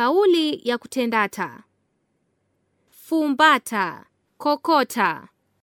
Kauli ya kutendata. Fumbata, kokota.